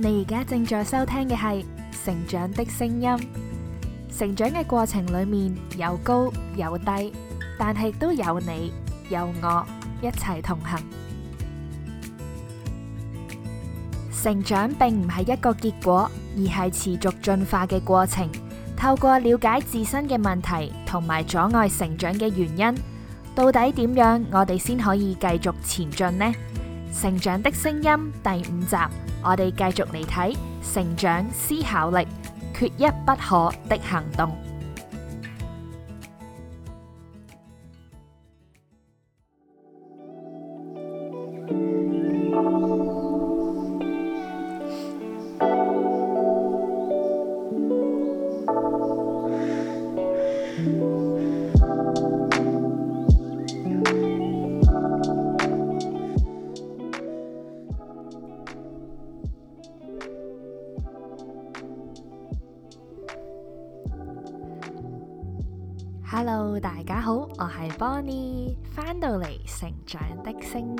你而家正在收聽嘅係《成長的聲音》。成長嘅過程裏面有高有低，但係都有你有我一齊同行。成長並唔係一個結果，而係持續進化嘅過程。透過了解自身嘅問題同埋阻礙成長嘅原因，到底點樣我哋先可以繼續前進呢？《成長的聲音》第五集。我哋繼續嚟睇《成長思考力，缺一不可的行動。Hello，大家好，我係 Bonnie，翻到嚟成長的聲音。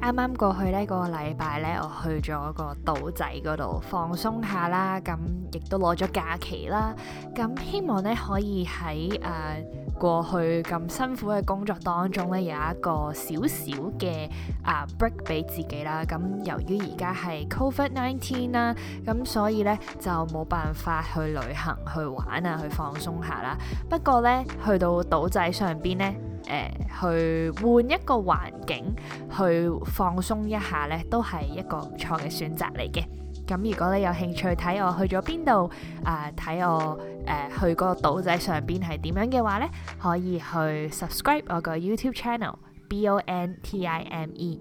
啱啱過去呢個禮拜呢，我去咗個島仔嗰度放鬆下啦，咁亦都攞咗假期啦，咁希望呢可以喺誒，呃過去咁辛苦嘅工作當中咧，有一個少少嘅啊 break 俾自己啦。咁、嗯、由於而家係 COVID-19 啦，咁、嗯、所以咧就冇辦法去旅行、去玩啊、去放鬆下啦。不過咧，去到島仔上邊咧，誒、呃、去換一個環境去放鬆一下咧，都係一個唔錯嘅選擇嚟嘅。咁如果你有興趣睇我去咗邊度，誒、呃、睇我誒、呃、去嗰個島仔上邊係點樣嘅話呢？可以去 subscribe 我個 YouTube channel B O N T I M E。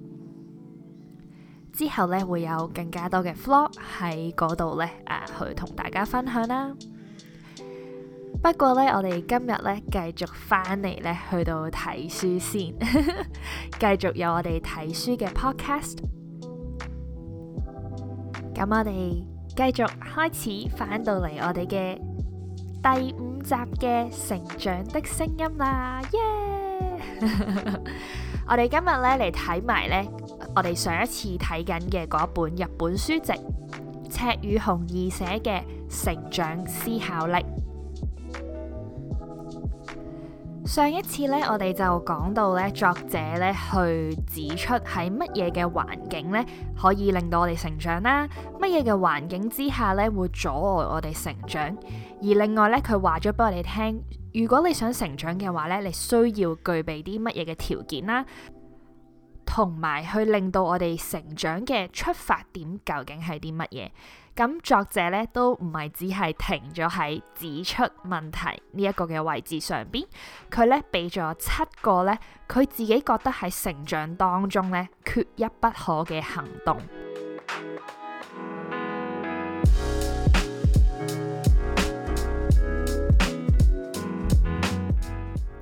之後呢，會有更加多嘅 vlog 喺嗰度呢，誒、呃、去同大家分享啦。不過呢，我哋今日呢，繼續翻嚟呢，去到睇書先，繼 續有我哋睇書嘅 podcast。咁我哋繼續開始返到嚟我哋嘅第五集嘅成長的聲音啦，耶、yeah! 我哋今日咧嚟睇埋咧，我哋上一次睇緊嘅嗰本日本書籍赤羽弘二寫嘅《成長思考力》。上一次咧，我哋就講到咧，作者咧去指出喺乜嘢嘅環境咧可以令到我哋成長啦，乜嘢嘅環境之下咧會阻礙我哋成長。而另外咧，佢話咗俾我哋聽，如果你想成長嘅話咧，你需要具備啲乜嘢嘅條件啦，同埋去令到我哋成長嘅出發點究竟係啲乜嘢？咁作者咧都唔係只係停咗喺指出問題呢一個嘅位置上邊，佢咧俾咗七個咧佢自己覺得喺成長當中咧缺一不可嘅行動。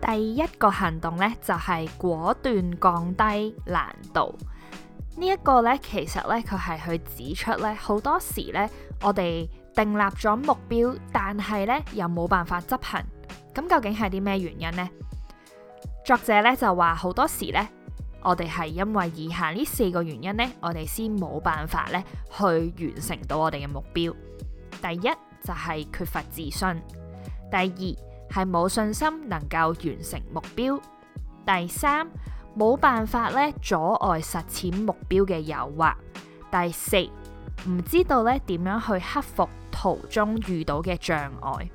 第一個行動咧就係果斷降低難度。呢一個呢，其實呢，佢係去指出呢。好多時呢，我哋訂立咗目標，但係呢又冇辦法執行。咁究竟係啲咩原因呢？作者呢就話好多時呢，我哋係因為以下呢四個原因呢，我哋先冇辦法呢去完成到我哋嘅目標。第一就係、是、缺乏自信，第二係冇信心能夠完成目標，第三。冇辦法咧，阻礙實踐目標嘅誘惑。第四，唔知道咧點樣去克服途中遇到嘅障礙。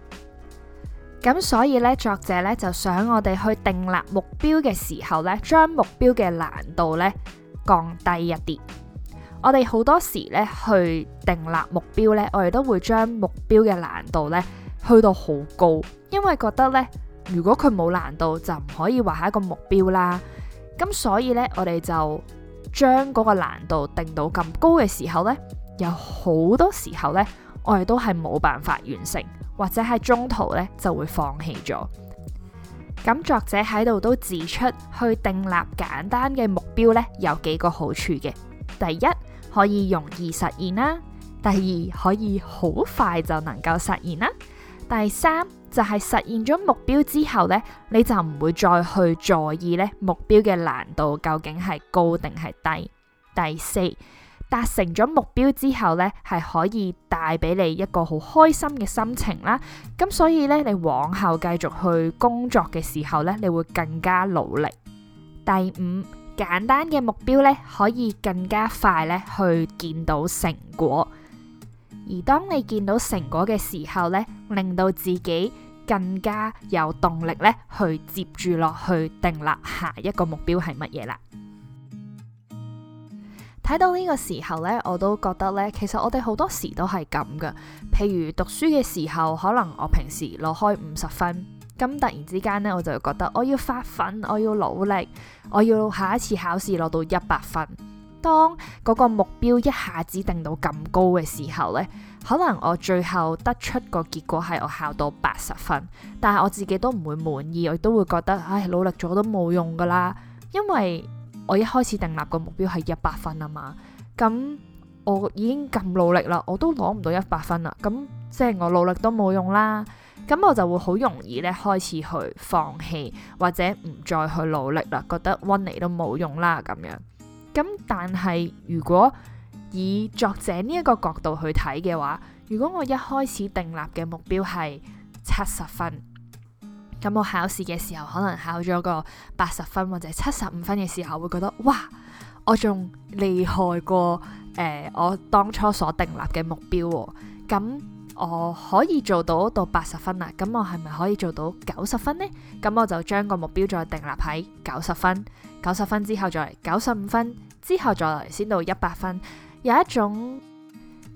咁所以咧，作者咧就想我哋去定立目標嘅時候咧，將目標嘅難度咧降低一啲。我哋好多時咧去定立目標咧，我哋都會將目標嘅難度咧去到好高，因為覺得咧，如果佢冇難度就唔可以話係一個目標啦。咁所以呢，我哋就將嗰個難度定到咁高嘅時候呢，有好多時候呢，我哋都係冇辦法完成，或者喺中途呢就會放棄咗。咁作者喺度都指出，去訂立簡單嘅目標呢，有幾個好處嘅。第一，可以容易實現啦；第二，可以好快就能夠實現啦；第三。就係實現咗目標之後呢，你就唔會再去在意呢目標嘅難度究竟係高定係低。第四，達成咗目標之後呢，係可以帶俾你一個好開心嘅心情啦。咁所以呢，你往後繼續去工作嘅時候呢，你會更加努力。第五，簡單嘅目標呢，可以更加快呢去見到成果。而當你見到成果嘅時候呢，令到自己，更加有動力咧，去接住落去定立下一個目標係乜嘢啦？睇到呢個時候咧，我都覺得咧，其實我哋好多時都係咁㗎。譬如讀書嘅時候，可能我平時攞開五十分，咁突然之間呢，我就覺得我要發奮，我要努力，我要下一次考試攞到一百分。當嗰個目標一下子定到咁高嘅時候呢，可能我最後得出個結果係我考到八十分，但係我自己都唔會滿意，我都會覺得唉，努力咗都冇用噶啦，因為我一開始訂立個目標係一百分啊嘛，咁我已經咁努力啦，我都攞唔到一百分啦，咁即係我努力都冇用啦，咁我就會好容易呢開始去放棄或者唔再去努力啦，覺得搵嚟都冇用啦咁樣。咁但係如果以作者呢一個角度去睇嘅話，如果我一開始訂立嘅目標係七十分，咁我考試嘅時候可能考咗個八十分或者七十五分嘅時候，會覺得哇，我仲厲害過誒、呃、我當初所訂立嘅目標喎。咁我可以做到到八十分啦，咁我係咪可以做到九十分呢？咁我就將個目標再訂立喺九十分。九十分，分之後再嚟，九十五分之後再嚟，先到一百分。有一種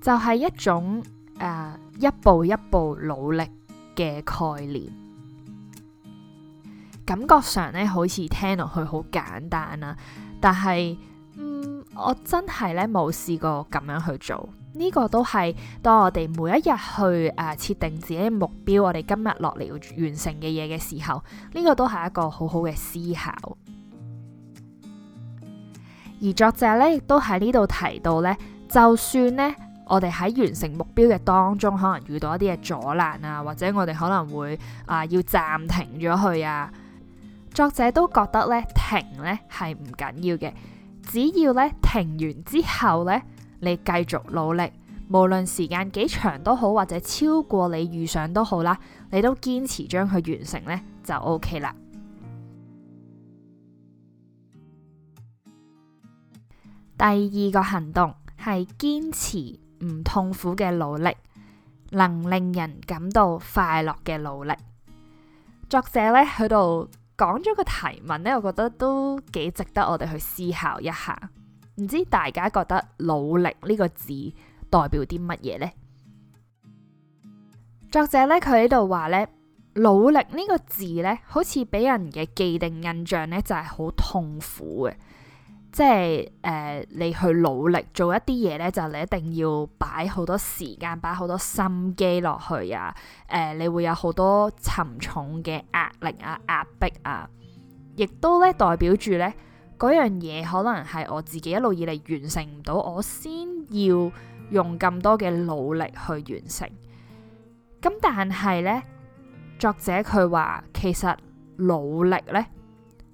就係、是、一種誒、呃，一步一步努力嘅概念。感覺上呢好似聽落去好簡單啦。但係，嗯，我真係呢冇試過咁樣去做呢、這個都。都係當我哋每一日去誒、呃、設定自己目標，我哋今日落嚟要完成嘅嘢嘅時候，呢、這個都係一個好好嘅思考。而作者呢亦都喺呢度提到呢，就算呢，我哋喺完成目標嘅當中，可能遇到一啲嘅阻難啊，或者我哋可能會啊、呃、要暫停咗佢啊，作者都覺得呢停，呢，係唔緊要嘅，只要呢停完之後呢，你繼續努力，無論時間幾長都好，或者超過你預想都好啦，你都堅持將佢完成呢，就 OK 啦。第二個行動係堅持唔痛苦嘅努力，能令人感到快樂嘅努力。作者咧喺度講咗個提問咧，我覺得都幾值得我哋去思考一下。唔知大家覺得努力呢個字代表啲乜嘢呢？作者咧佢喺度話咧，努力呢個字咧，好似俾人嘅既定印象咧就係好痛苦嘅。即係誒、呃，你去努力做一啲嘢咧，就你一定要擺好多時間，擺好多心機落去啊。誒、呃，你會有好多沉重嘅壓力啊，壓迫啊，亦都咧代表住咧嗰樣嘢可能係我自己一路以嚟完成唔到，我先要用咁多嘅努力去完成。咁但係咧，作者佢話其實努力咧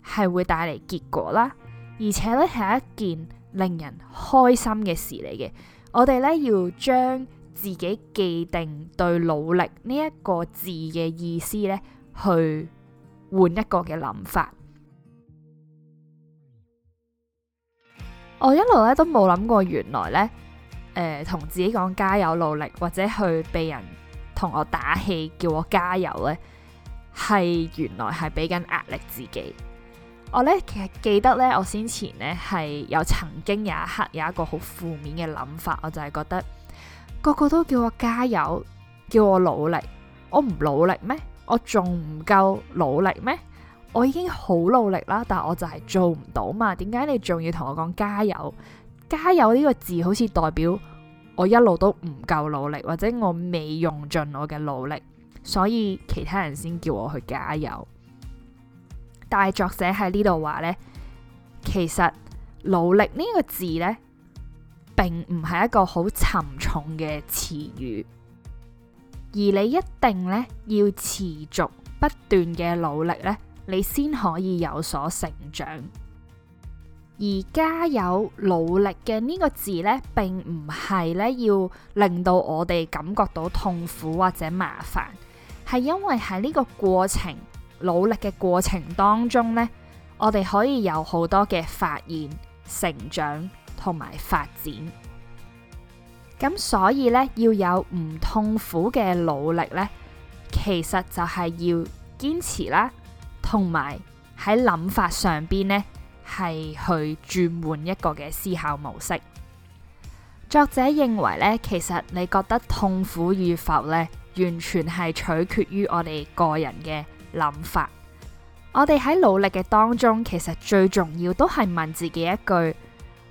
係會帶嚟結果啦。而且咧係一件令人開心嘅事嚟嘅，我哋咧要將自己既定對努力呢一個字嘅意思咧，去換一個嘅諗法。 我一路咧都冇諗過，原來咧誒同自己講加油努力，或者去被人同我打氣叫我加油咧，係原來係俾緊壓力自己。我咧其實記得咧，我先前咧係有曾經有一刻有一個好負面嘅諗法，我就係覺得個個都叫我加油，叫我努力，我唔努力咩？我仲唔夠努力咩？我已經好努力啦，但我就係做唔到嘛？點解你仲要同我講加油？加油呢個字好似代表我一路都唔夠努力，或者我未用盡我嘅努力，所以其他人先叫我去加油。大作者喺呢度話呢，其實努力呢個字呢，並唔係一個好沉重嘅詞語，而你一定呢，要持續不斷嘅努力呢，你先可以有所成長。而加油努力嘅呢個字呢，並唔係呢，要令到我哋感覺到痛苦或者麻煩，係因為喺呢個過程。努力嘅過程當中呢，我哋可以有好多嘅發現、成長同埋發展。咁所以呢，要有唔痛苦嘅努力呢，其實就係要堅持啦，同埋喺諗法上邊呢係去轉換一個嘅思考模式。作者認為呢，其實你覺得痛苦與否呢，完全係取決於我哋個人嘅。諗法，我哋喺努力嘅當中，其實最重要都係問自己一句：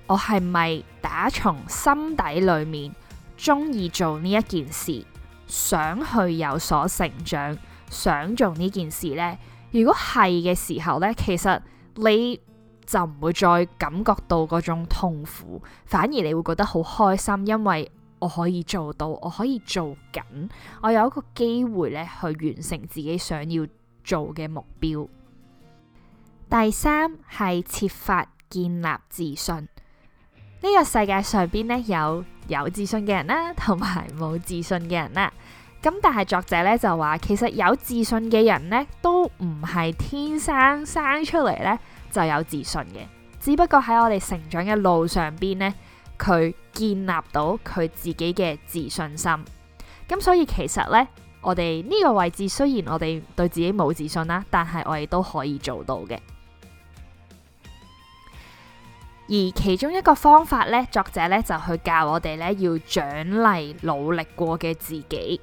我係咪打從心底裏面中意做呢一件事？想去有所成長，想做呢件事呢？如果係嘅時候呢，其實你就唔會再感覺到嗰種痛苦，反而你會覺得好開心，因為我可以做到，我可以做緊，我有一個機會咧去完成自己想要做嘅目標，第三係設法建立自信。呢個世界上邊咧有有自信嘅人啦，同埋冇自信嘅人啦。咁但係作者呢就話，其實有自信嘅人呢都唔係天生生出嚟呢就有自信嘅，只不過喺我哋成長嘅路上邊呢，佢建立到佢自己嘅自信心。咁所以其實呢。我哋呢個位置雖然我哋對自己冇自信啦，但係我哋都可以做到嘅。而其中一個方法呢，作者呢就去教我哋呢要獎勵努力過嘅自己。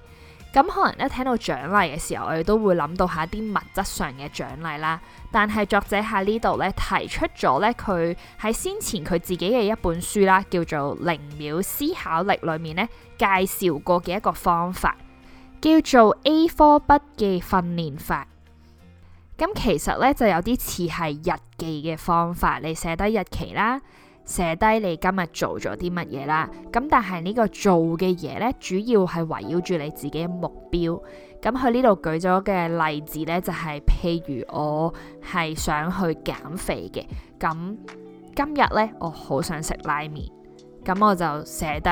咁，嗯，可能一聽到獎勵嘅時候，我哋都會諗到下啲物質上嘅獎勵啦。但係作者喺呢度呢提出咗呢，佢喺先前佢自己嘅一本書啦，叫做《零秒思考力》裏面呢介紹過嘅一個方法。叫做 A 科筆記訓練法，咁其實咧就有啲似係日記嘅方法，你寫低日期啦，寫低你今日做咗啲乜嘢啦。咁但係呢個做嘅嘢咧，主要係圍繞住你自己嘅目標。咁佢呢度舉咗嘅例子咧，就係譬如我係想去減肥嘅，咁今日咧我好想食拉麵，咁我就寫低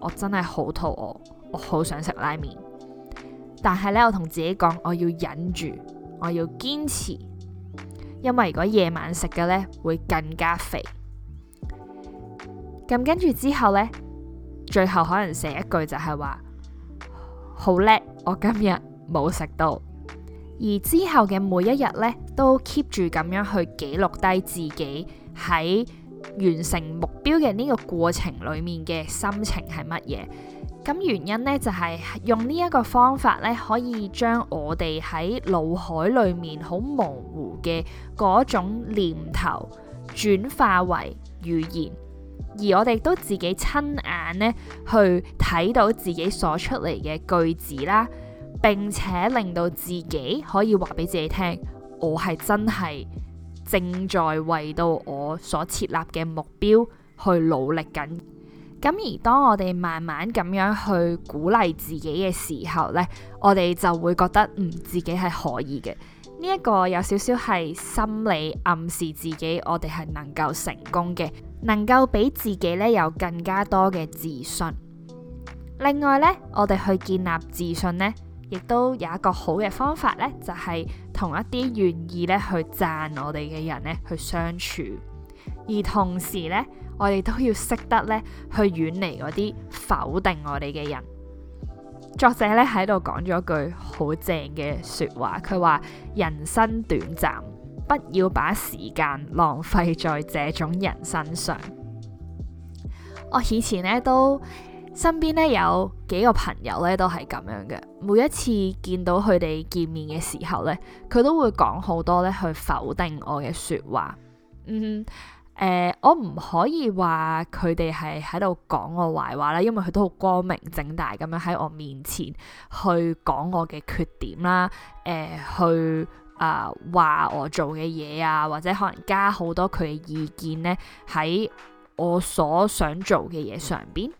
我真係好肚餓，我好想食拉麵。但係咧，我同自己講，我要忍住，我要堅持，因為如果夜晚食嘅呢，會更加肥。咁跟住之後呢，最後可能寫一句就係話好叻，我今日冇食到。而之後嘅每一日呢，都 keep 住咁樣去記錄低自己喺完成目標嘅呢個過程裏面嘅心情係乜嘢。咁原因咧就係用呢一個方法咧，可以將我哋喺腦海裏面好模糊嘅嗰種念頭轉化為語言，而我哋都自己親眼咧去睇到自己所出嚟嘅句子啦，並且令到自己可以話俾自己聽，我係真係正在為到我所設立嘅目標去努力緊。咁而當我哋慢慢咁樣去鼓勵自己嘅時候呢，我哋就會覺得，嗯，自己係可以嘅。呢一個有少少係心理暗示自己，我哋係能夠成功嘅，能夠俾自己呢有更加多嘅自信。另外呢，我哋去建立自信呢，亦都有一個好嘅方法呢，就係同一啲願意呢去讚我哋嘅人呢去相處，而同時呢。我哋都要識得咧去遠離嗰啲否定我哋嘅人。作者咧喺度講咗句好正嘅說話，佢話：人生短暫，不要把時間浪費在這種人身上。我以前咧都身邊咧有幾個朋友咧都係咁樣嘅，每一次見到佢哋見面嘅時候咧，佢都會講好多咧去否定我嘅說話。嗯。誒、呃，我唔可以話佢哋係喺度講我壞話啦，因為佢都好光明正大咁樣喺我面前去講我嘅缺點啦，誒、呃，去啊話、呃、我做嘅嘢啊，或者可能加好多佢嘅意見呢，喺我所想做嘅嘢上邊，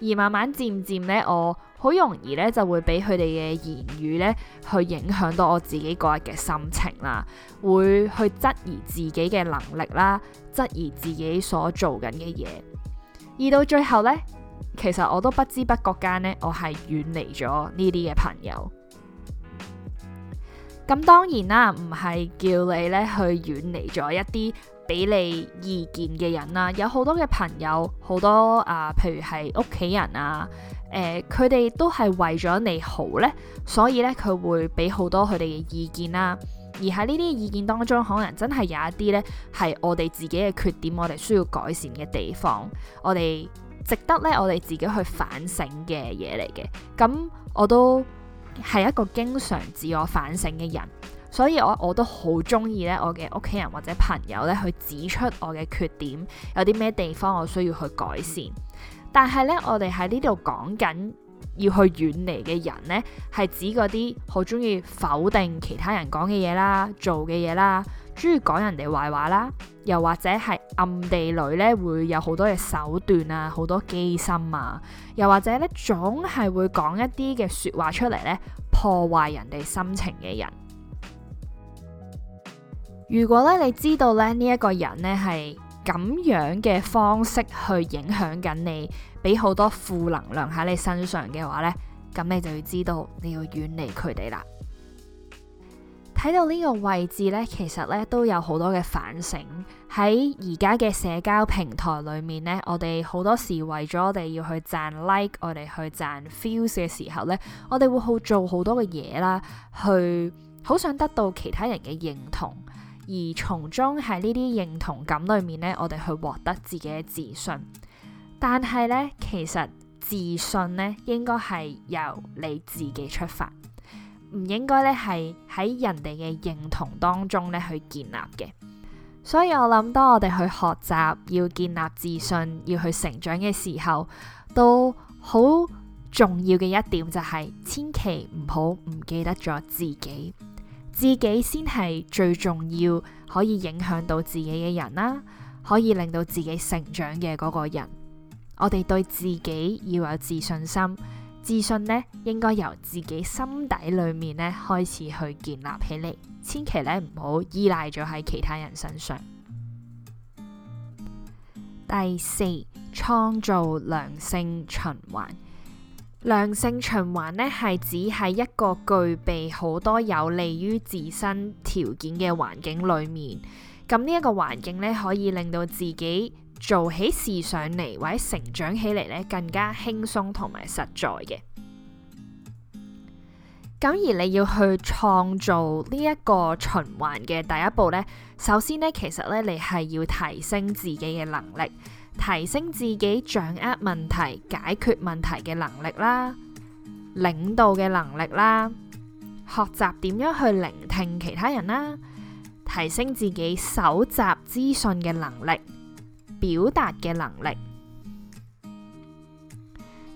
而慢慢漸漸咧我，好容易咧，就會俾佢哋嘅言語咧，去影響到我自己嗰日嘅心情啦，會去質疑自己嘅能力啦，質疑自己所做緊嘅嘢，而到最後呢，其實我都不知不覺間呢，我係遠離咗呢啲嘅朋友。咁當然啦，唔係叫你咧去遠離咗一啲俾你意見嘅人啦，有好多嘅朋友，好多啊，呃，譬如係屋企人啊。誒，佢哋、呃、都係為咗你好呢，所以呢，佢會俾好多佢哋嘅意見啦。而喺呢啲意見當中，可能真係有一啲呢，係我哋自己嘅缺點，我哋需要改善嘅地方，我哋值得呢，我哋自己去反省嘅嘢嚟嘅。咁我都係一個經常自我反省嘅人，所以我我都好中意呢，我嘅屋企人或者朋友呢，去指出我嘅缺點，有啲咩地方我需要去改善。但係咧，我哋喺呢度講緊要去遠離嘅人呢，係指嗰啲好中意否定其他人講嘅嘢啦、做嘅嘢啦、中意講人哋壞話啦，又或者係暗地裏呢會有好多嘅手段啊、好多機心啊，又或者呢總係會講一啲嘅說話出嚟，呢，破壞人哋心情嘅人。如果咧你知道咧呢一個人呢係。咁樣嘅方式去影響緊你，俾好多負能量喺你身上嘅話呢，咁你就要知道你要遠離佢哋啦。睇到呢個位置呢，其實呢都有好多嘅反省。喺而家嘅社交平台裏面呢，我哋好多時為咗我哋要去賺 like，我哋去賺 views 嘅時候呢，我哋會好做好多嘅嘢啦，去好想得到其他人嘅認同。而從中喺呢啲認同感裏面呢，我哋去獲得自己嘅自信。但係呢，其實自信咧應該係由你自己出發，唔應該咧係喺人哋嘅認同當中咧去建立嘅。所以我諗當我哋去學習要建立自信，要去成長嘅時候，都好重要嘅一點就係，千祈唔好唔記得咗自己。自己先係最重要可以影響到自己嘅人啦，可以令到自己成長嘅嗰個人。我哋對自己要有自信心，自信咧應該由自己心底裏面咧開始去建立起嚟，千祈咧唔好依賴咗喺其他人身上。第四，創造良性循環。良性循環呢係指喺一個具備好多有利於自身條件嘅環境裏面，咁呢一個環境呢可以令到自己做起事上嚟或者成長起嚟呢更加輕鬆同埋實在嘅。咁而你要去創造呢一個循環嘅第一步呢，首先呢，其實呢，你係要提升自己嘅能力。提升自己掌握問題、解決問題嘅能力啦，領導嘅能力啦，學習點樣去聆聽其他人啦，提升自己搜集資訊嘅能力、表達嘅能力。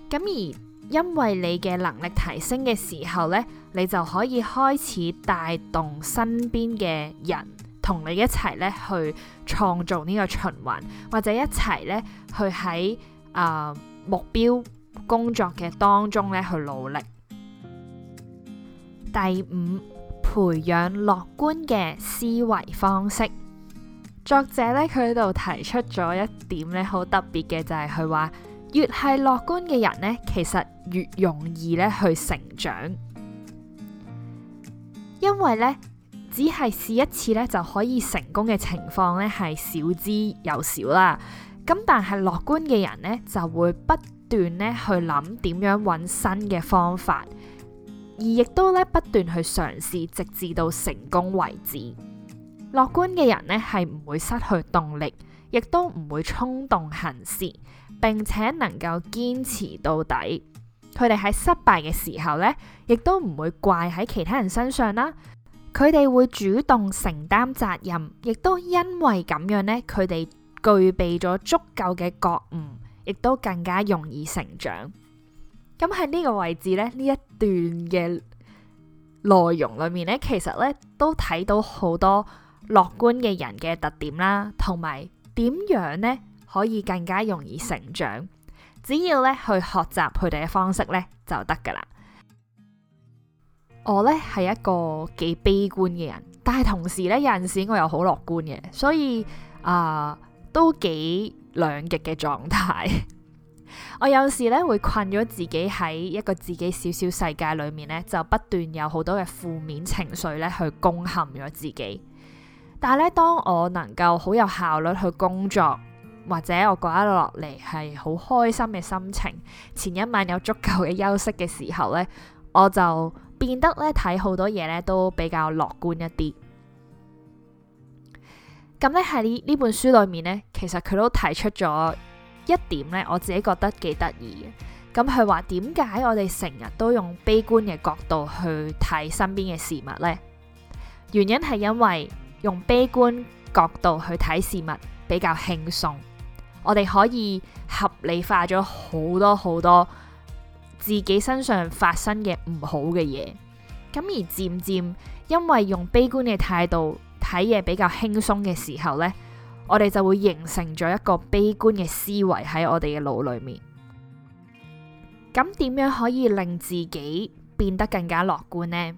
咁而因為你嘅能力提升嘅時候呢，你就可以開始帶動身邊嘅人。同你一齊咧去創造呢個循環，或者一齊咧去喺啊、呃、目標工作嘅當中咧去努力。第五，培養樂觀嘅思維方式。作者咧佢喺度提出咗一點咧好特別嘅，就係佢話越係樂觀嘅人咧，其實越容易咧去成長，因為咧。只係試一次咧，就可以成功嘅情況咧，係少之又少啦。咁但係樂觀嘅人咧，就會不斷咧去諗點樣揾新嘅方法，而亦都咧不斷去嘗試，直至到成功為止。樂觀嘅人咧，係唔會失去動力，亦都唔會衝動行事，並且能夠堅持到底。佢哋喺失敗嘅時候，呢亦都唔會怪喺其他人身上啦。佢哋會主動承擔責任，亦都因為咁樣呢，佢哋具備咗足夠嘅覺悟，亦都更加容易成長。咁喺呢個位置咧，呢一段嘅內容裏面呢，其實呢都睇到好多樂觀嘅人嘅特點啦，同埋點樣呢可以更加容易成長，只要呢去學習佢哋嘅方式呢，就得噶啦。我咧係一個幾悲觀嘅人，但係同時咧，有陣時我又好樂觀嘅，所以啊、呃，都幾兩極嘅狀態。 我有時咧會困咗自己喺一個自己小小世界裏面咧，就不斷有好多嘅負面情緒咧去攻陷咗自己。但係咧，當我能夠好有效率去工作，或者我覺得落嚟係好開心嘅心情，前一晚有足夠嘅休息嘅時候咧，我就，變得咧睇好多嘢咧都比較樂觀一啲。咁咧喺呢本書裏面呢，其實佢都提出咗一點呢，我自己覺得幾得意嘅。咁佢話點解我哋成日都用悲觀嘅角度去睇身邊嘅事物呢？原因係因為用悲觀角度去睇事物比較輕鬆，我哋可以合理化咗好多好多。自己身上發生嘅唔好嘅嘢。咁而漸漸因為用悲觀嘅態度睇嘢比較輕鬆嘅時候呢，我哋就會形成咗一個悲觀嘅思維喺我哋嘅腦裏面。咁點樣可以令自己變得更加樂觀呢？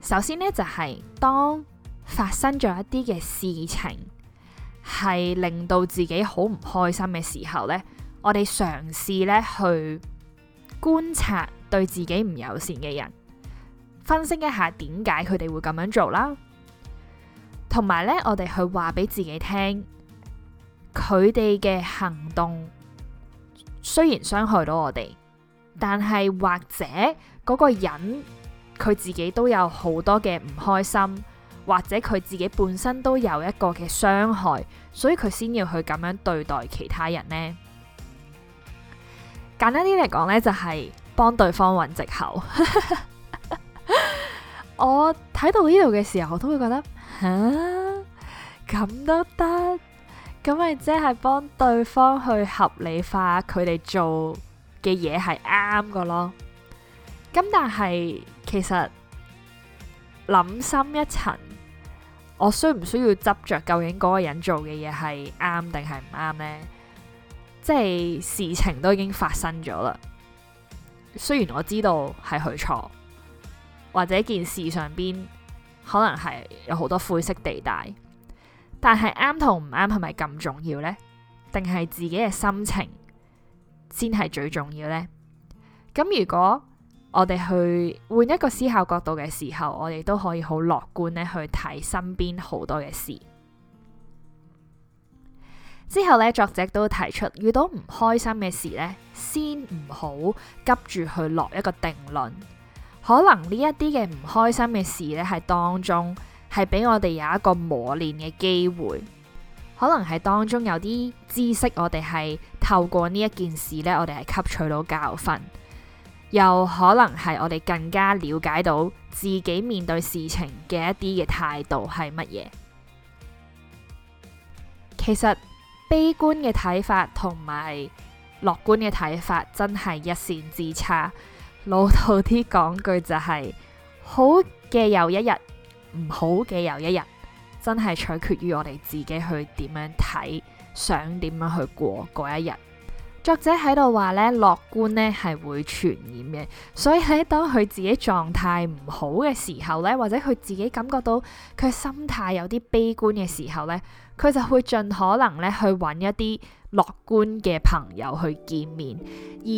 首先呢，就係當發生咗一啲嘅事情係令到自己好唔開心嘅時候呢，我哋嘗試呢去。觀察對自己唔友善嘅人，分析一下點解佢哋會咁樣做啦。同埋咧，我哋去話俾自己聽，佢哋嘅行動雖然傷害到我哋，但係或者嗰個人佢自己都有好多嘅唔開心，或者佢自己本身都有一個嘅傷害，所以佢先要去咁樣對待其他人呢？簡單啲嚟講呢，就係幫對方揾藉口。 我睇到呢度嘅時候，我都會覺得吓，咁都得？咁咪即係幫對方去合理化佢哋做嘅嘢係啱嘅咯？咁但係其實諗深一層，我需唔需要執着究竟嗰個人做嘅嘢係啱定係唔啱呢？即係事情都已經發生咗啦，雖然我知道係佢錯，或者件事上邊可能係有好多灰色地帶，但係啱同唔啱係咪咁重要呢？定係自己嘅心情先係最重要呢？咁如果我哋去換一個思考角度嘅時候，我哋都可以好樂觀呢去睇身邊好多嘅事。之後咧，作者都提出遇到唔開心嘅事呢，先唔好急住去落一個定論。可能呢一啲嘅唔開心嘅事呢，係當中係俾我哋有一個磨練嘅機會。可能係當中有啲知識，我哋係透過呢一件事呢，我哋係吸取到教訓，又可能係我哋更加了解到自己面對事情嘅一啲嘅態度係乜嘢。其實。悲觀嘅睇法同埋樂觀嘅睇法真係一線之差，老套啲講句就係好嘅又一日，唔好嘅又一日，真係取決於我哋自己去點樣睇，想點樣去過嗰一日。作者喺度話咧，樂觀咧係會傳染嘅，所以喺當佢自己狀態唔好嘅時候咧，或者佢自己感覺到佢嘅心態有啲悲觀嘅時候咧，佢就會盡可能咧去揾一啲樂觀嘅朋友去見面，而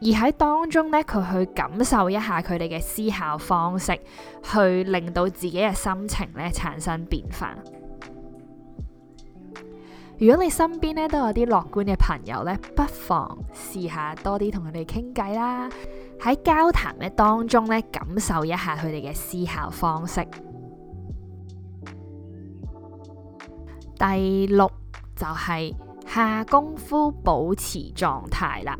而喺當中咧，佢去感受一下佢哋嘅思考方式，去令到自己嘅心情咧產生變化。如果你身邊咧都有啲樂觀嘅朋友咧，不妨試下多啲同佢哋傾偈啦。喺交談咧當中咧，感受一下佢哋嘅思考方式。第六就係下功夫保持狀態啦。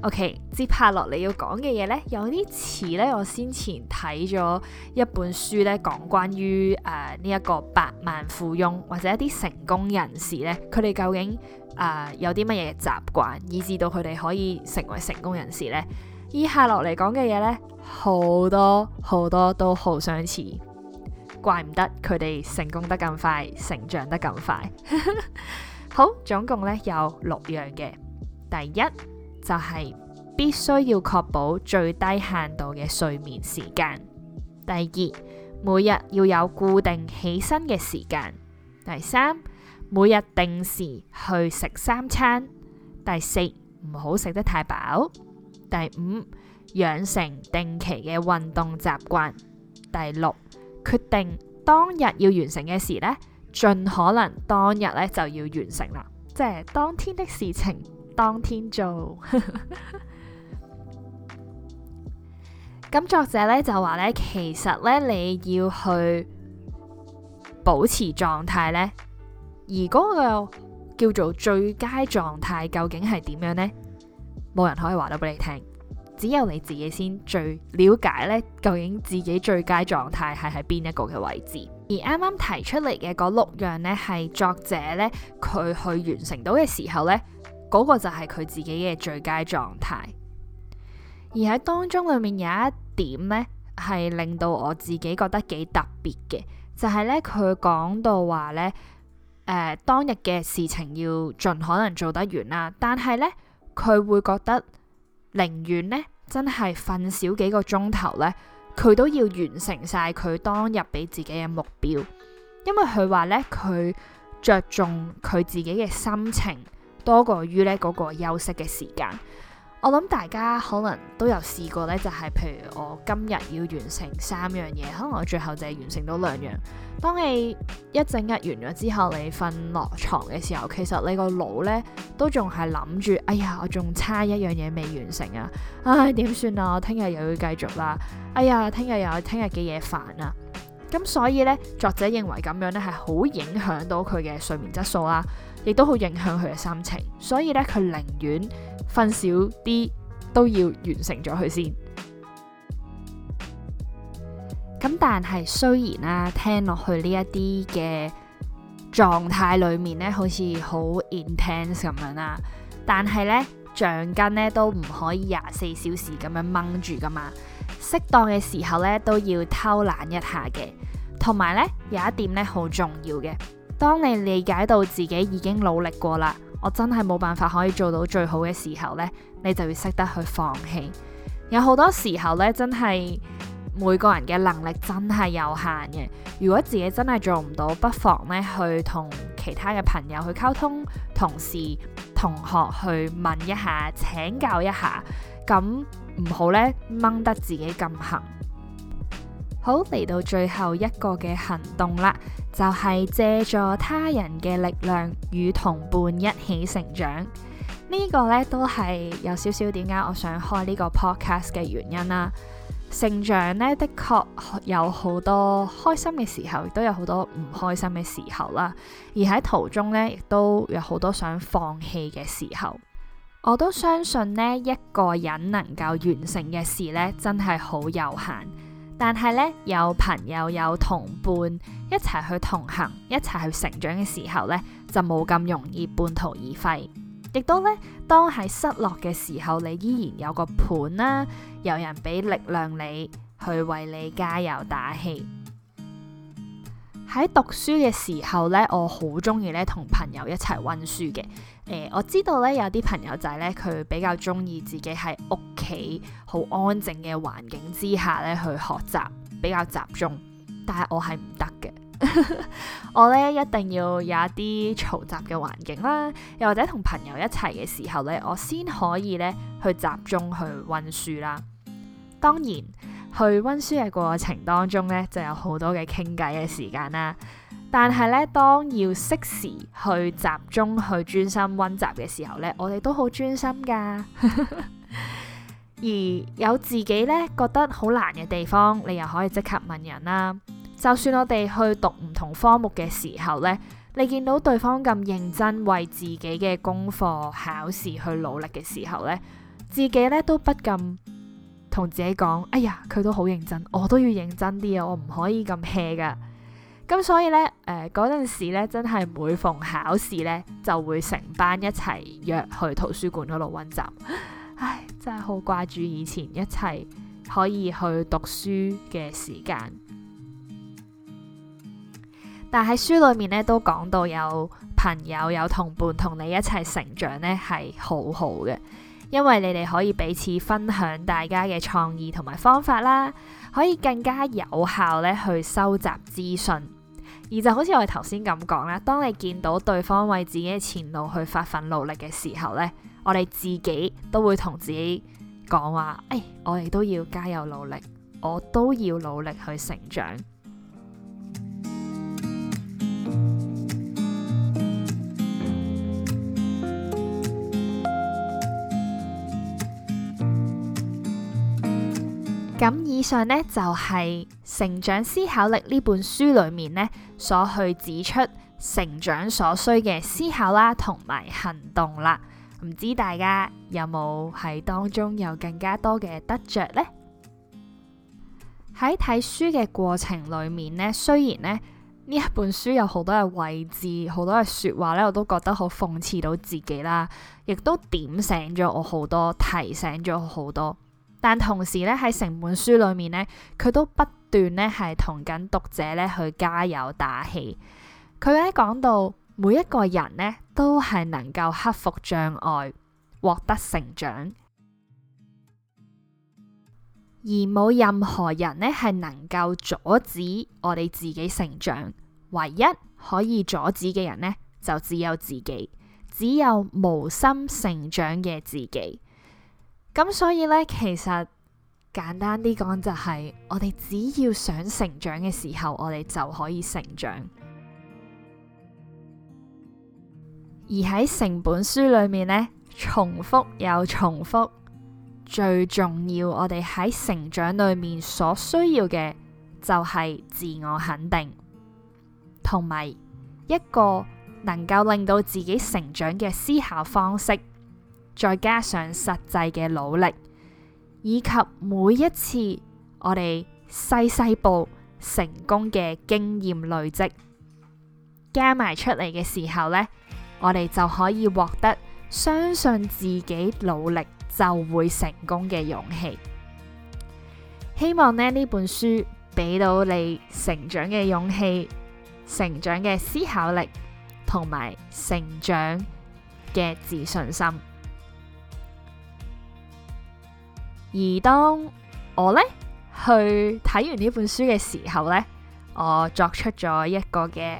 O、okay, K，接下落嚟要講嘅嘢呢？有啲似呢，我先前睇咗一本書呢，講關於誒呢一個百萬富翁或者一啲成功人士呢。佢哋究竟誒、呃、有啲乜嘢習慣，以至到佢哋可以成為成功人士呢？以下落嚟講嘅嘢呢，好多好多都好相似，怪唔得佢哋成功得咁快，成長得咁快。 好，總共呢，有六樣嘅，第一。就係必須要確保最低限度嘅睡眠時間。第二，每日要有固定起身嘅時間。第三，每日定時去食三餐。第四，唔好食得太飽。第五，養成定期嘅運動習慣。第六，決定當日要完成嘅事呢，盡可能當日咧就要完成啦，即係當天的事情。當天做， 咁作者咧就話咧，其實咧你要去保持狀態咧，而嗰個叫做最佳狀態究竟係點樣呢？冇人可以話到俾你聽，只有你自己先最了解咧，究竟自己最佳狀態係喺邊一個嘅位置。而啱啱提出嚟嘅嗰六樣呢，係作者咧佢去完成到嘅時候呢。嗰個就係佢自己嘅最佳狀態，而喺當中裏面有一點呢係令到我自己覺得幾特別嘅，就係呢。佢講到話呢，呃，當日嘅事情要盡可能做得完啦。但係呢，佢會覺得寧願呢真係瞓少幾個鐘頭呢，佢都要完成晒佢當日俾自己嘅目標，因為佢話呢，佢着重佢自己嘅心情。多過於呢嗰個休息嘅時間，我諗大家可能都有試過呢，就係譬如我今日要完成三樣嘢，可能我最後就係完成到兩樣。當你一整日完咗之後，你瞓落床嘅時候，其實你個腦呢都仲係諗住，哎呀，我仲差一樣嘢未完成啊！唉，點算啊？我聽日又要繼續啦！哎呀，聽日又有聽日嘅嘢煩啊！咁所以呢，作者認為咁樣呢係好影響到佢嘅睡眠質素啦。亦都好影響佢嘅心情，所以咧佢寧願瞓少啲都要完成咗佢先。咁 但係雖然啦，聽落去呢一啲嘅狀態裏面呢，好似好 intense 咁樣啦，但係呢，橡筋呢都唔可以廿四小時咁樣掹住㗎嘛，適當嘅時候呢，都要偷懶一下嘅，同埋呢，有一點呢，好重要嘅。當你理解到自己已經努力過啦，我真係冇辦法可以做到最好嘅時候呢，你就要識得去放棄。有好多時候呢，真係每個人嘅能力真係有限嘅。如果自己真係做唔到，不妨呢去同其他嘅朋友去溝通，同事、同學去問一下、請教一下，咁唔好咧掹得自己咁行。好嚟到最後一個嘅行動啦，就係借助他人嘅力量與同伴一起成長。呢個呢，都係有少少點解我想開呢個 podcast 嘅原因啦。成長呢，的確有好多開心嘅時候，亦都有好多唔開心嘅時候啦。而喺途中呢，亦都有好多想放棄嘅時候。我都相信呢，一個人能夠完成嘅事呢，真係好有限。但係咧，有朋友有同伴一齊去同行，一齊去成長嘅時候咧，就冇咁容易半途而廢。亦都咧，當係失落嘅時候，你依然有個伴啦、啊，有人俾力量你去為你加油打氣。喺讀書嘅時候咧，我好中意咧同朋友一齊溫書嘅。誒、呃，我知道咧有啲朋友仔係咧，佢比較中意自己喺屋企好安靜嘅環境之下咧去學習，比較集中。但係我係唔得嘅， 我咧一定要有一啲嘈雜嘅環境啦，又或者同朋友一齊嘅時候咧，我先可以咧去集中去溫書啦。當然，去溫書嘅過程當中咧，就有好多嘅傾偈嘅時間啦。但係咧，當要適時去集中去專心溫習嘅時候咧，我哋都好專心噶。 而有自己咧覺得好難嘅地方，你又可以即刻問人啦。就算我哋去讀唔同科目嘅時候咧，你見到對方咁認真為自己嘅功課考試去努力嘅時候咧，自己咧都不禁同自己講：哎呀，佢都好認真，我都要認真啲啊！我唔可以咁 hea 噶。咁所以呢，誒嗰陣時呢，真係每逢考試呢，就會成班一齊約去圖書館嗰度温習。唉，真係好掛住以前一齊可以去讀書嘅時間。但喺書裡面呢，都講到有朋友有同伴同你一齊成長呢，係好好嘅，因為你哋可以彼此分享大家嘅創意同埋方法啦，可以更加有效咧去收集資訊。而，就好似我哋頭先咁講啦，當你見到對方為自己嘅前路去發奮努力嘅時候呢，我哋自己都會同自己講話，誒，我哋都要加油努力，我都要努力去成長。咁 以上呢就係。成長思考力呢本書裏面呢，所去指出成長所需嘅思考啦，同埋行動啦，唔知大家有冇喺當中有更加多嘅得着呢？喺睇書嘅過程裏面呢，雖然呢，呢一本書有好多嘅位置，好多嘅說話呢，我都覺得好諷刺到自己啦，亦都點醒咗我好多，提醒咗我好多。但同時呢，喺成本書裏面呢，佢都不斷呢係同緊讀者呢去加油打氣。佢喺講到每一個人呢都係能夠克服障礙，獲得成長，而冇任何人呢係能夠阻止我哋自己成長。唯一可以阻止嘅人呢，就只有自己，只有無心成長嘅自己。咁所以呢，其實簡單啲講就係，我哋只要想成長嘅時候，我哋就可以成長。而喺成本書裏面呢，重複又重複，最重要我哋喺成長裏面所需要嘅就係自我肯定，同埋一個能夠令到自己成長嘅思考方式。再加上實際嘅努力，以及每一次我哋細細步成功嘅經驗累積，加埋出嚟嘅時候呢，我哋就可以獲得相信自己努力就會成功嘅勇氣。希望呢，呢本書俾到你成長嘅勇氣、成長嘅思考力同埋成長嘅自信心。而當我咧去睇完呢本書嘅時候咧，我作出咗一個嘅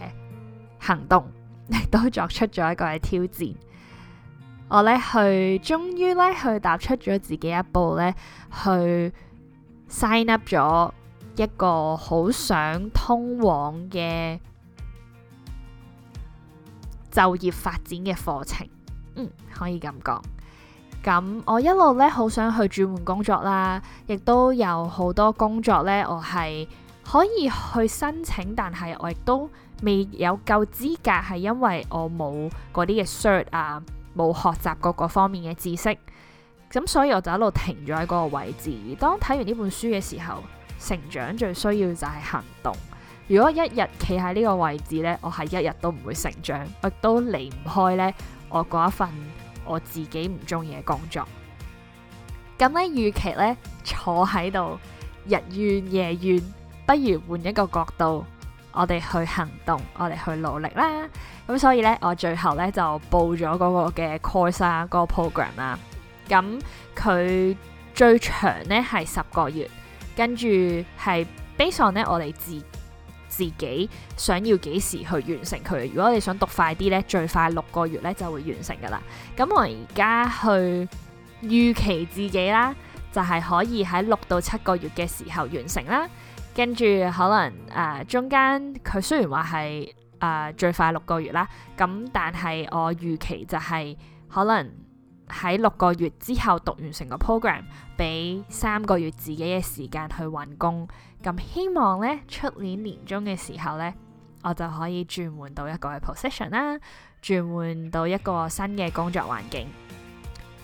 行動，亦都作出咗一個嘅挑戰。我咧去，終於咧去踏出咗自己一步咧，去 sign up 咗一個好想通往嘅就業發展嘅課程。嗯，可以咁講。咁我一路咧好想去轉換工作啦，亦都有好多工作咧，我係可以去申請，但係我亦都未有夠資格，係因為我冇嗰啲嘅 cert 啊，冇學習過各方面嘅知識。咁所以我就一路停咗喺嗰個位置。當睇完呢本書嘅時候，成長最需要就係行動。如果一日企喺呢個位置咧，我係一日都唔會成長，亦都離唔開咧我嗰一份。我自己唔中意嘅工作，咁咧與其咧坐喺度日怨夜怨，不如換一個角度，我哋去行動，我哋去努力啦。咁所以咧，我最後咧就報咗嗰個嘅 course 啊，嗰個 program 啊。咁佢最長咧係十個月，跟住係 basically 咧我哋自。自己想要幾時去完成佢？如果你想讀快啲咧，最快六個月咧就會完成㗎喇。咁、嗯、我而家去預期自己啦，就係、是、可以喺六到七個月嘅時候完成啦。跟住可能誒、呃、中間佢雖然話係誒最快六個月啦，咁但係我預期就係可能。喺六個月之後讀完成個 program，俾三個月自己嘅時間去揾工。咁希望咧，出年年終嘅時候咧，我就可以轉換到一個嘅 position 啦，轉換到一個新嘅工作環境。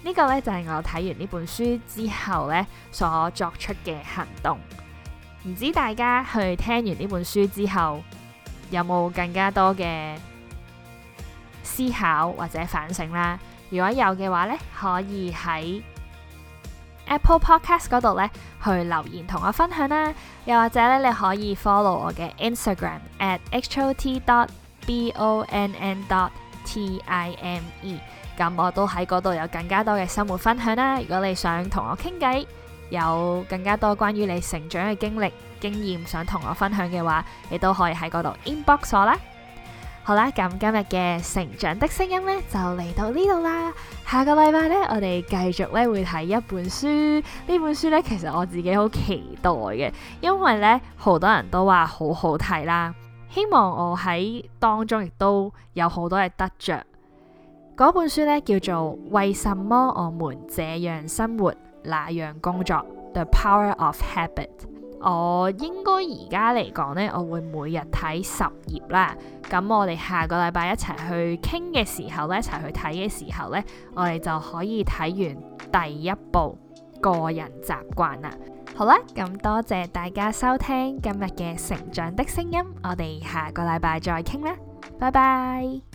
這個、呢個咧就係、是、我睇完呢本書之後咧所作出嘅行動。唔知大家去聽完呢本書之後有冇更加多嘅思考或者反省啦？如果有嘅話呢，可以喺 Apple Podcast 度呢，去留言同我分享啦。又或者呢，你可以 follow 我嘅 Instagram at h o t dot b o n n dot t i m e。咁我都喺嗰度有更加多嘅生活分享啦。如果你想同我傾偈，有更加多關於你成長嘅經歷經驗，想同我分享嘅話，你都可以喺嗰度 inbox 我啦。好啦，咁今日嘅成長的聲音呢，就嚟到呢度啦。下個禮拜呢，我哋繼續咧會睇一本書。呢本書呢，其實我自己好期待嘅，因為呢，好多人都話好好睇啦。希望我喺當中亦都有好多嘢得着。嗰本書呢，叫做《為什麼我們這樣生活，那樣工作》The Power of Habit。我應該而家嚟講呢，我會每日睇十頁啦。咁我哋下個禮拜一齊去傾嘅時候呢，一齊去睇嘅時候呢，我哋就可以睇完第一部個人習慣啦。好啦，咁多謝大家收聽今日嘅成長的聲音，我哋下個禮拜再傾啦，拜拜。